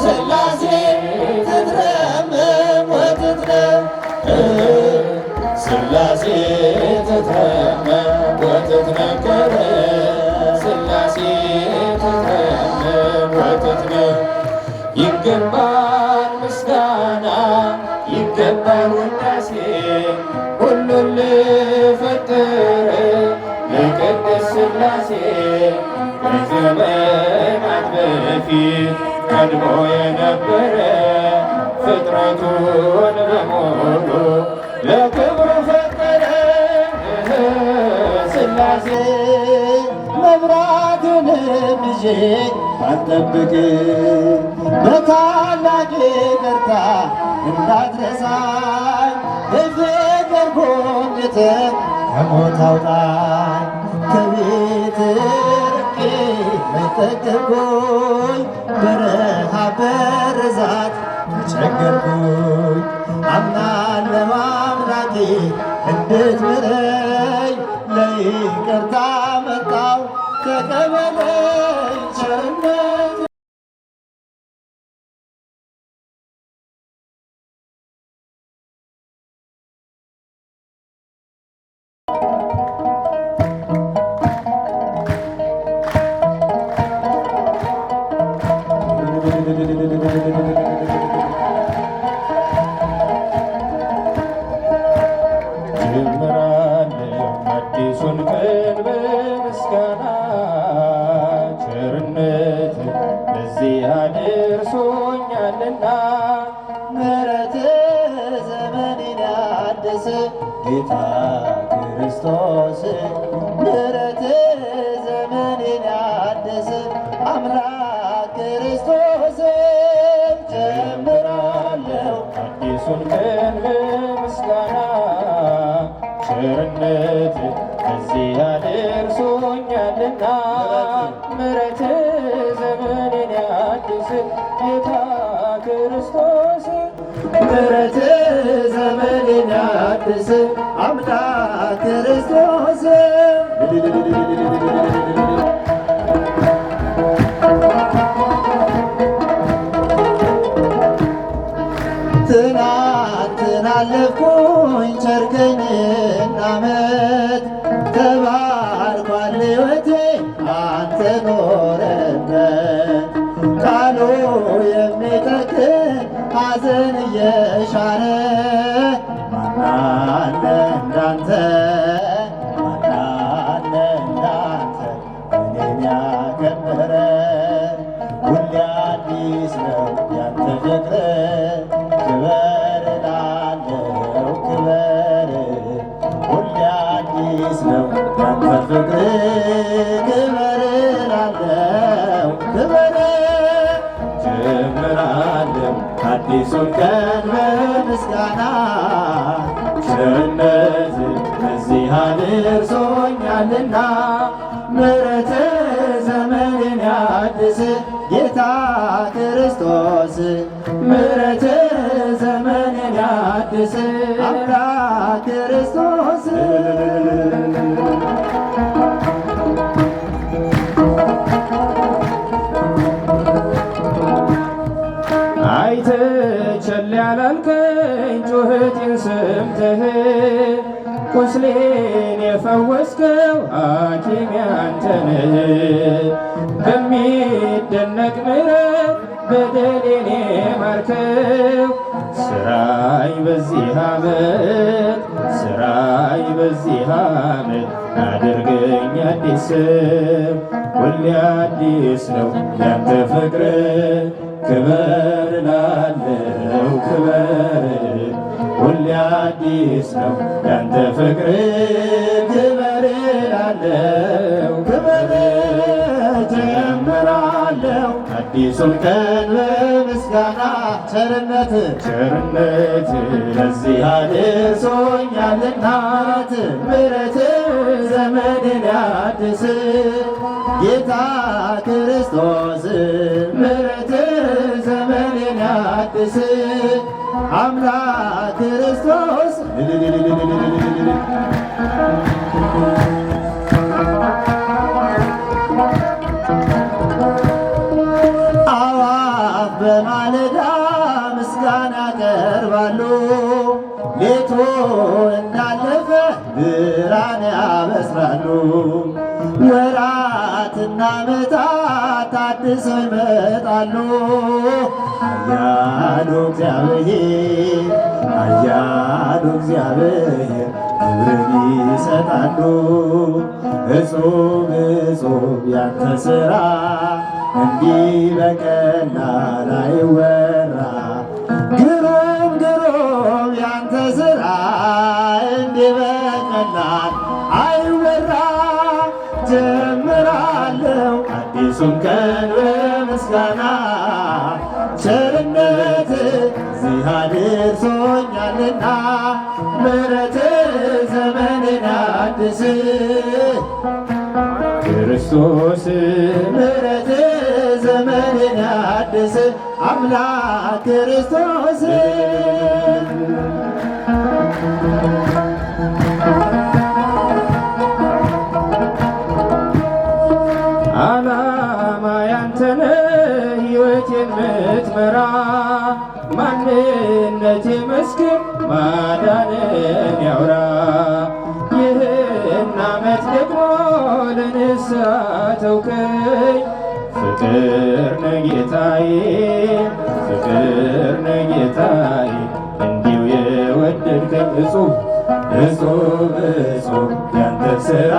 ሥላሴ ይገባል ምስጋና ይገባል ውዳሴ ሁሉን ልፈጥር ለቅድስት ሥላሴ በፊት ቀድሞ የነበረ ፍጥረቱን በሙሉ ለክብሩ ፈጠረ ሥላሴ መብራቱን ብዤ አጠብቅ በታላቅ ይቅርታ እንዳትረሳኝ ከሞት አውጣኝ ከቤት በተጠጎኝ በረሃ በርዛት ተቸገርኩኝ አምናን ለማምናቴ እንድትምረኝ ለይቅርታ መጣው ተቀበለኝ ምሕረት ዘመንን ያድስ አምላክ ክርስቶስ ጀምራለሁ አዲሱን ቀን በምስጋና ቸርነት እዚህ አድርሶኛልና ምሕረት ዘመኔን ያድስ ጌታ ክርስቶስ ምሕረት ዘመኔን ያድስ አምላክ ክርስቶስ ትናንትና አለፍኩኝ ቸርገኝና ፍቅር ክርስቶስ አምጣ ክርስቶስ አይተ ቸል ያላልከኝ ጩኸቴን ሰምተህ ቁስሌን የፈወስከው ሐኪሜ አንተነህ በሚደነቅ ምሕረት ከበደል የኔ ስራይ በዚህ አመት ስራይ በዚህ አመት አድርገኝ አዲስ ሁሌ አዲስ ነው ያንተ ፍቅር ክበር ላለው ክበር ሁሌ አዲስ ነው ያንተ ፍቅር ክበር ላለው ቢሶልከን በምስጋና ቸርነት ቸርነት ለዚህ አድርሶኛልና ምሕረት ዘመንን ያድስ ጌታ ክርስቶስ ምሕረት ዘመንን ያድስ አምላክ ክርስቶስ ሌቱ እንዳለፈ ብርሃን ያበስራሉ ወራትና ዓመታት ታድሰው ይመጣሉ። አያሉ እግዚአብሔር አያሉ እግዚአብሔር ክብርን ይሰጣሉ። እጹብ እጹብ ያንተ ሥራ እንዲህ በቀላል አይወራ የጾም ቀን በምስጋና ቸርነት እዚህ አድርሶኛልና ምሕረት ዘመኔን አድስ ክርስቶስ ምረት ዘመኔን አድስ አምላክ ክርስቶስ ተውከኝ ፍቅር ነጌታዬ ፍቅር ነጌታዬ እንዲሁ የወደድከኝ እጹብ እጹ እጹብ ያንተ ስራ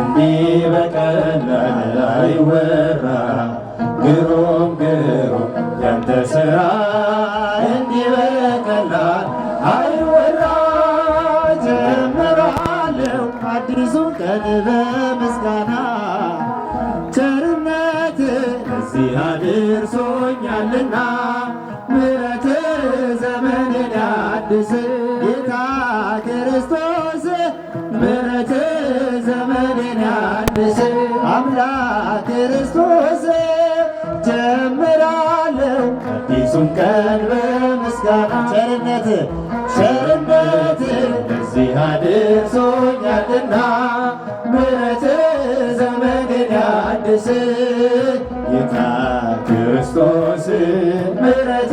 እንዲህ በቀላል አይወራ ግሩም ግሩም ያንተ ስራ እንዲህ እዚህ አድርሶኛልና ምሕረት ዘመንን ያድስ ጌታ ክርስቶስ ምሕረት ዘመንን ያድስ አምላክ ክርስቶስ ጀምራለው አዲሱን ቀን በምስጋና ቸርነት ቸርነት እዚህ አድርሶኛልና ምሕረት ዘመንን ያድስ ክርስቶስ ምሕረት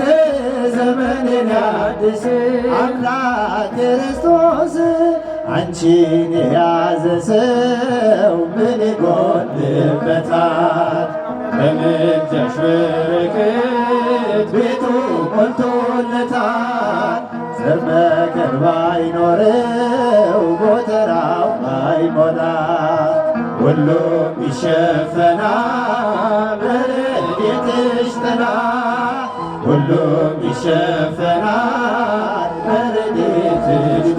ዘመንን ያድስ አምላክ ክርስቶስ አንቺን የያዘ ሰው ምን ይጎድልበታል? በምልጃሽ በረከት ቤቱ ሞልቶለታል። ዘር በቀል ባይኖረው ጎተራው ባይሞላ ሁሉም ይሸፈናል። በደመና ሁሉም ይሸፈናል በረድኤትሽ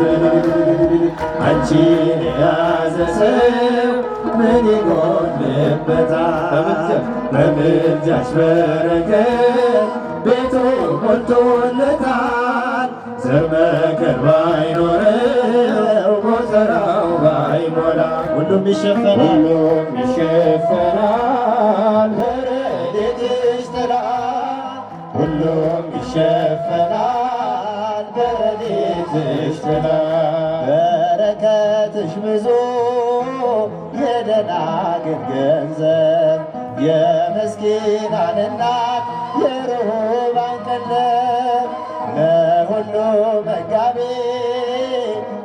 አንቺን የያዘ ሰው ምን ይጎድልበታል? በምልጃሽ በረከት ቤቱ ሞልቶለታል። ዘር መከር ባይኖረው ጎተራው ባይሞላ ሁሉም ይሸፈናል ሁሉም ይሸፈናል ብዙ የደናግል ገንዘብ የምስኪናን እናት የርሁባን ቀለብ ለሁሉ መጋቢ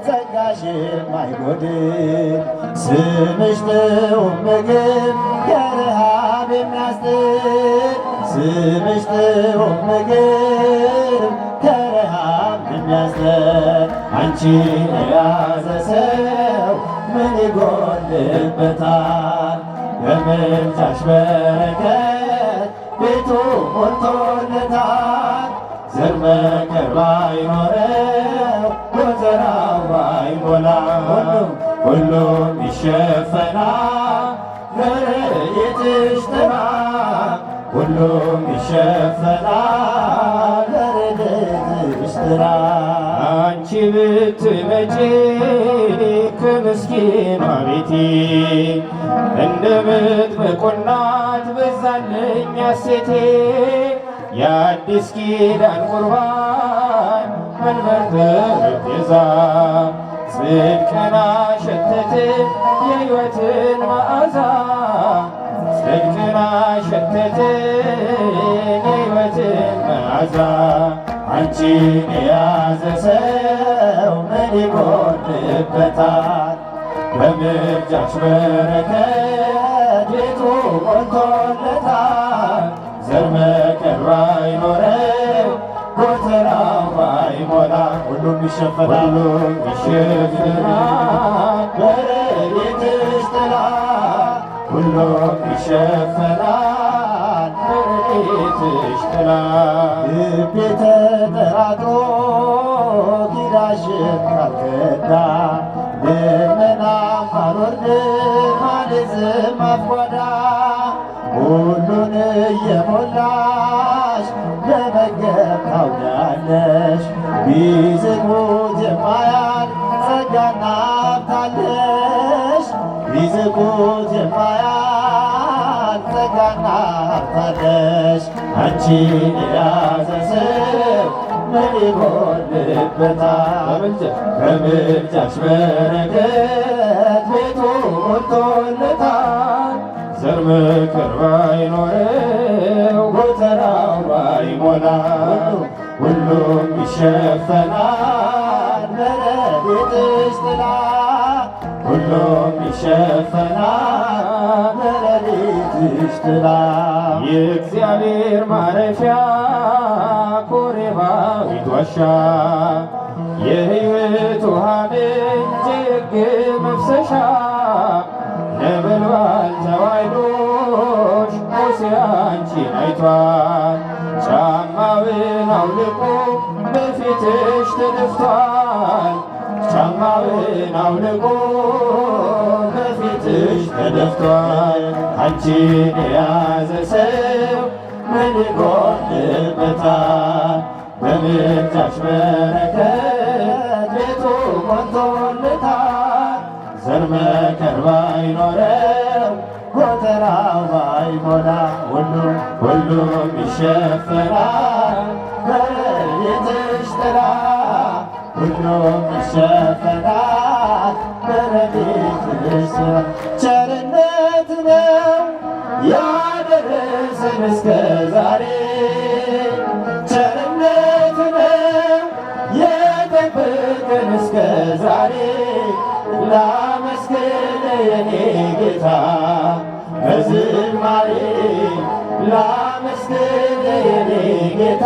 ጸጋሽ የማይጎድል ስምሽ ጥዑም ምግብ ከረሃብ የሚያስጥል ስምሽ ጥዑም ምግብ ከረሃብ የሚያስጥል አንቺን የያዘ ሰው ሰው ምን ይጎልበታል? በምልጃሽ በረከት ቤቱ ሞልቶለታል። ዘር መከር ባይኖረው ጎተራው ባይሞላ ሁሉም ይሸፈናል በረድኤትሽ ጥላ ሁሉም ይሸፈናል ስራ አንቺ ብትመጪ ከምስኪኗ ቤቴ እንደምትበቆናት በዛልኝ ሴቴ የአዲስ ኪዳን ቁርባን መንበር ጠረጴዛ ጽድቅና ሸተት የሕይወትን መዓዛ ጽድቅና ሸተት የሕይወትን መዓዛ አንቺን የያዘ ሰው ምን ይጎድበታል? በምልጃሽ በረከት ቤቱ ሞልቶለታል። ዘር መቀር ባይኖረው ጎተራው ባይሞላ ሁሉም ይሸፈናል፣ ይሸፍናል በረድኤትሽ ጥላ ሁሉም ይሸፈናል። ቤትሽ ጥላ ልቤ ተጠራጥሮ ኪዳሽን ካልከዳ አፍጓዳ ሁሉን እየሞላሽ ለመገብ ታውቂያለሽ ቢዝሙት የማያል ጸጋና ሀብታለሽ የማያል ታቃናታለሽ አንቺን የያዘ ሰው ምን ይጎልበታል? ከምልጃሽ በረከት ቤቱ ሞልቶለታል። ዘር መከር ባይኖረው ጎተራው ባይሞላ ሁሉም ይሸፈናል በረድኤትሽ ጥላ ሁሉም ይሸፈናል ጥላ የእግዚአብሔር ማረፊያ ኮሬባ ዋሻ የሕይወት ውሃ ምንጭ መፍሰሻ ነበልባል ተዋሕዶሽ ሙሴ አንቺን አይቷል። ጫማውን አውልቆ በፊትሽ ተደፍቷል። ጫማውን አውልቆ መብትሽ ተደፍቷል። አንቺን የያዘ ሰው ምን በምልጃሽ በረከት ቤቱ ሞልቶለታል። ዘር መከር ባይኖረው ጎተራው ባይሞላ ሁሉም ሁሉም ይሸፈናል ጥላ ሁሉም ይሸፈናል ባለቤትሽ ቸርነት ነው ያደረሰን እስከ ዛሬ ቸርነት ነው የጠበቀን እስከ ዛሬ ላመስግን የኔ ጌታ በዝማሬ ላመስግን የኔ ጌታ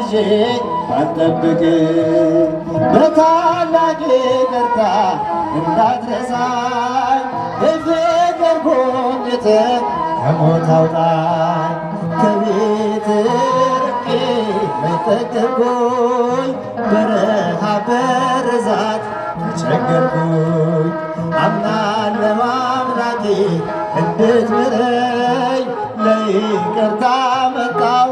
ከእጄ ባትጠብቅ በታላቅ ይቅርታ እንዳትረሳኝ በፍቅር ጉብኝት ከሞት አውጣኝ ከቤት ርቄ ተጠገብኩኝ በረሃብ በርዛት ተቸገርኩኝ አምናን በማምላኬ እንድትምረኝ ለይቅርታ መጣው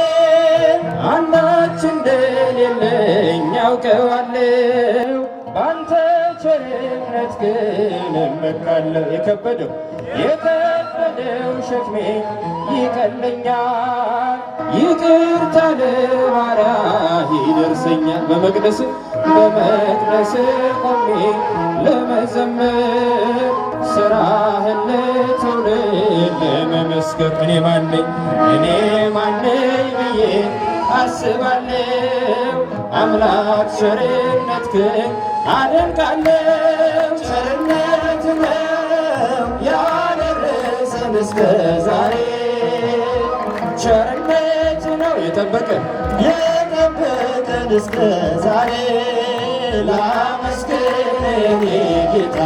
አንዳች እንደሌለኝ አውቀዋለሁ ባንተ ቸርነት ግን እመካለሁ። የከበደው የከበደው ሸክሜ ይቀለኛል። ይቅርታ ለባራ ይደርሰኛል። በመቅደስ በመቅደስ ቆሜ ለመዘመር ስራህን ልትውል ለመመስከር እኔ ማነኝ እኔ ማነኝ ብዬ አስባለው አምላክ ቸርነትህን አደንቃለው ቸርነት ነው ያደረሰን እስከ ዛሬ ቸርነት ነው የጠበቀን የጠበቀን እስከ ዛሬ ላመስግን ጌታ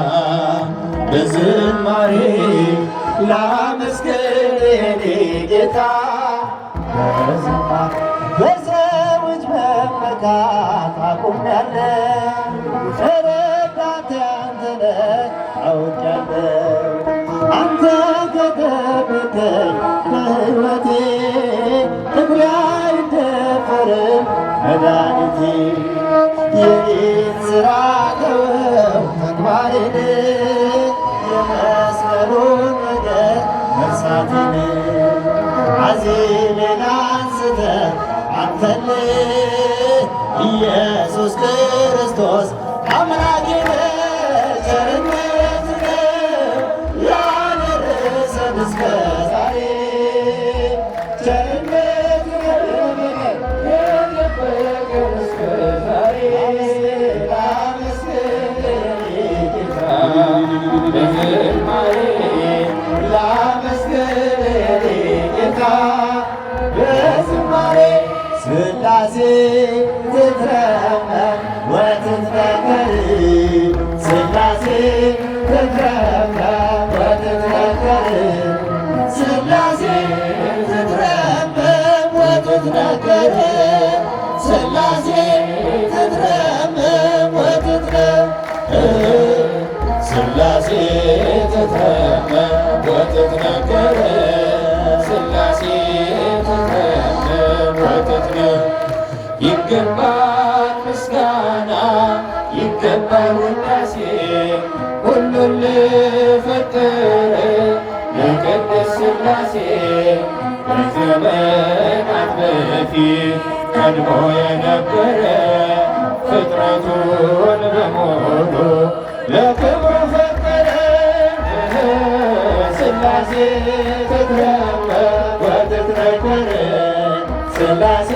በዝማሬ ላመስግን ጌታ ያለ አቁሜያለሁ። ተረዳት አንተነ አውቄያለሁ። አንተ ከጠበቀኝ በሕይወቴ እግሬ አይደፈርም መድኃኒቴ። የኔን ሥራ ተወው ተግባሬን የመስቀሉን ነገር መርሳቴን አዜሜን አንስተህ አንተን ኢየሱስ ክርስቶስ አምላኬ ተተመ ወትትነገረ ሥላሴ ተተመ ይገባል ምስጋና ይገባል ውዳሴ ሁሉን ለፈጠረ ለቅድስት ሥላሴ በዘመናት በፊት ቀድሞ የነበረ ፍጥረቱን ለክብር ሥላሴ ትትረመም ወትትነክር ሥላሴ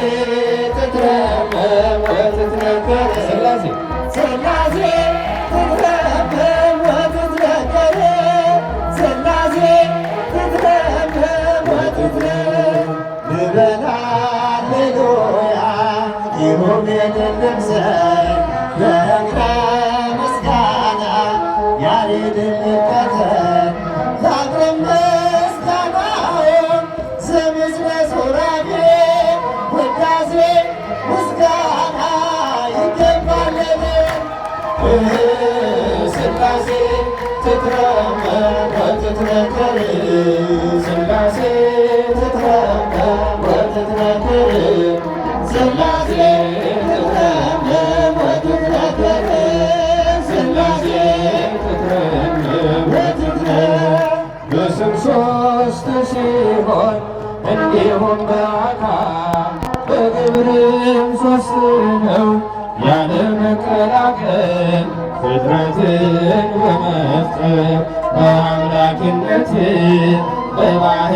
ትትረመም ወትትነክር ሥላሴ ሥላሴ ትትረመም ወትትነክር ሥላሴ ይሁን የድል ልምሰል ስላሴ ትትረመር ወትትነከር ስላሴ ትትረመር ወትትነከር ስላሴ ትትረመር ወትትነከር ስላሴ ትትረመር ወትትነከር በስም ሦስት ሲሆን እንዲሁም በአካል በግብርም ሦስት ነው ያለ መቀላቀል ፍጥረትን በመፍጠር በአምላክነት በባህርይና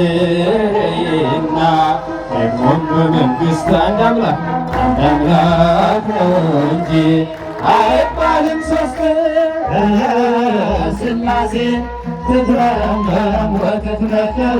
ደግሞም በመንግሥት አንድ አምላክ አንድ አምላክ ነው እንጂ አይባልም ሶስት ሥላሴ ትትረመም ወትትነከር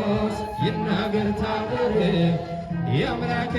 ክርስቶስ ይናገር ታምር የአምላክ